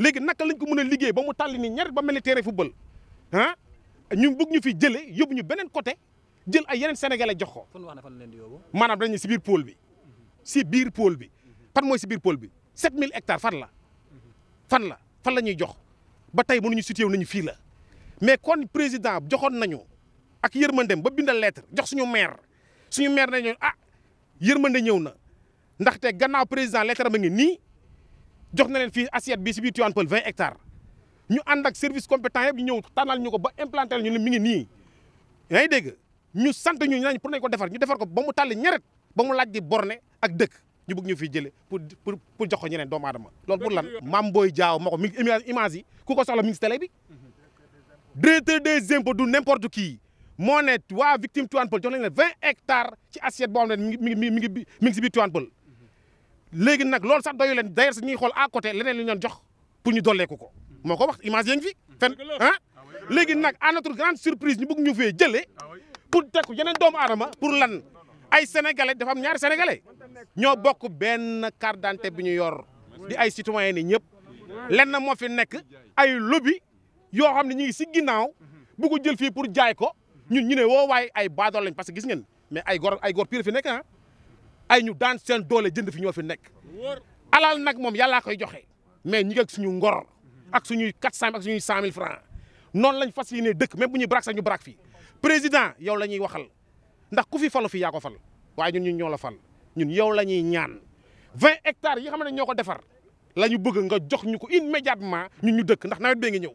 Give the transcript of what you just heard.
léegi naka lañ ko mën a liggéey ba mu tàlli ni ñaar ba mel ni terrain football ah ñu bëgg ñu fi jëlee yóbbu ñu beneen côté jël ay yeneen sénégalais jox ko. maanaam dañuy si biir bi si biir pôle bi fan mooy si biir pôle bi 7000 hectares fan la fan la fan la ñuy jox ba tey mënuñu situé nañu fii la mais kon président joxoon nañu ak yërmandem ba bindal lettre jox suñu maire suñu maire nañu ah yërmande ñëw na ndaxte gannaaw président lettre ma ngi nii. jox na leen fii assiette bi si biir Tivaouane Peulh 20 hectares ñu ànd ak service compétent yëpp ñëw tànnal ñu ko ba implanté ñu ne mi ngi nii yaa ngi dégg ñu sant ñu nañ pour ko defar ñu defar ko ba mu tàlli ñeret ba mu laaj di borne ak dëkk ñu bëgg ñu fiy jële pour pour ko ñeneen doomu aadama loolu pour lan Mame Boye Diao ma ko mi ngi image yi ku ko soxla mi ngi si télé bi directeur des impôts du n'importe qui moo waa victime Tivaouane Peulh jox nañ leen vingt ci assiette boo xam ne mi ngi mi ngi mi ngi si biir léegi nak loolu sax doyulen d'ailleurs ñuy xol à côté leneen li ñu doon jox pour ñu dolé ko moo ko wax image yeng fi fen hein léegi nak à notre grande surprise ñu bëgg ñu fee jëlé ah pour tekku yeneen doom aadama pour lan ay sénégalais dafa am ñaar sénégalais ño bokk ben carte d'identité bi ñu yor di ay citoyens ni ñëpp lenn mo fi nekk ay lobby yo xamni ñi ñu ngi si ginnaaw bu ko jël fi pour jaay ko ñun ñu né wo way ay badol lañ parce que gis ngeen mais ay gor ay gor pire fi nekk hein ay ñu daan seen doole jënd fi ñoo fi nekk alaal nag moom yàllaa koy joxe mais ñi ngi ak suñu ngor ak suñuy 400 ak suñuy 100000 francs noonu lañ fas yéene dëkk même bu ñuy braak sax ñu braak fii président yow la ñuy waxal ndax ku fi falu fii yaa ko fal waaye ñun ñu ñoo la fal ñun yow la ñuy ñaan 20 hectares yi xam ne ñoo ko defar la ñu bëgg nga jox ñu ko immédiatement ñun ñu dëkk ndax nawet bee ngi ñëw.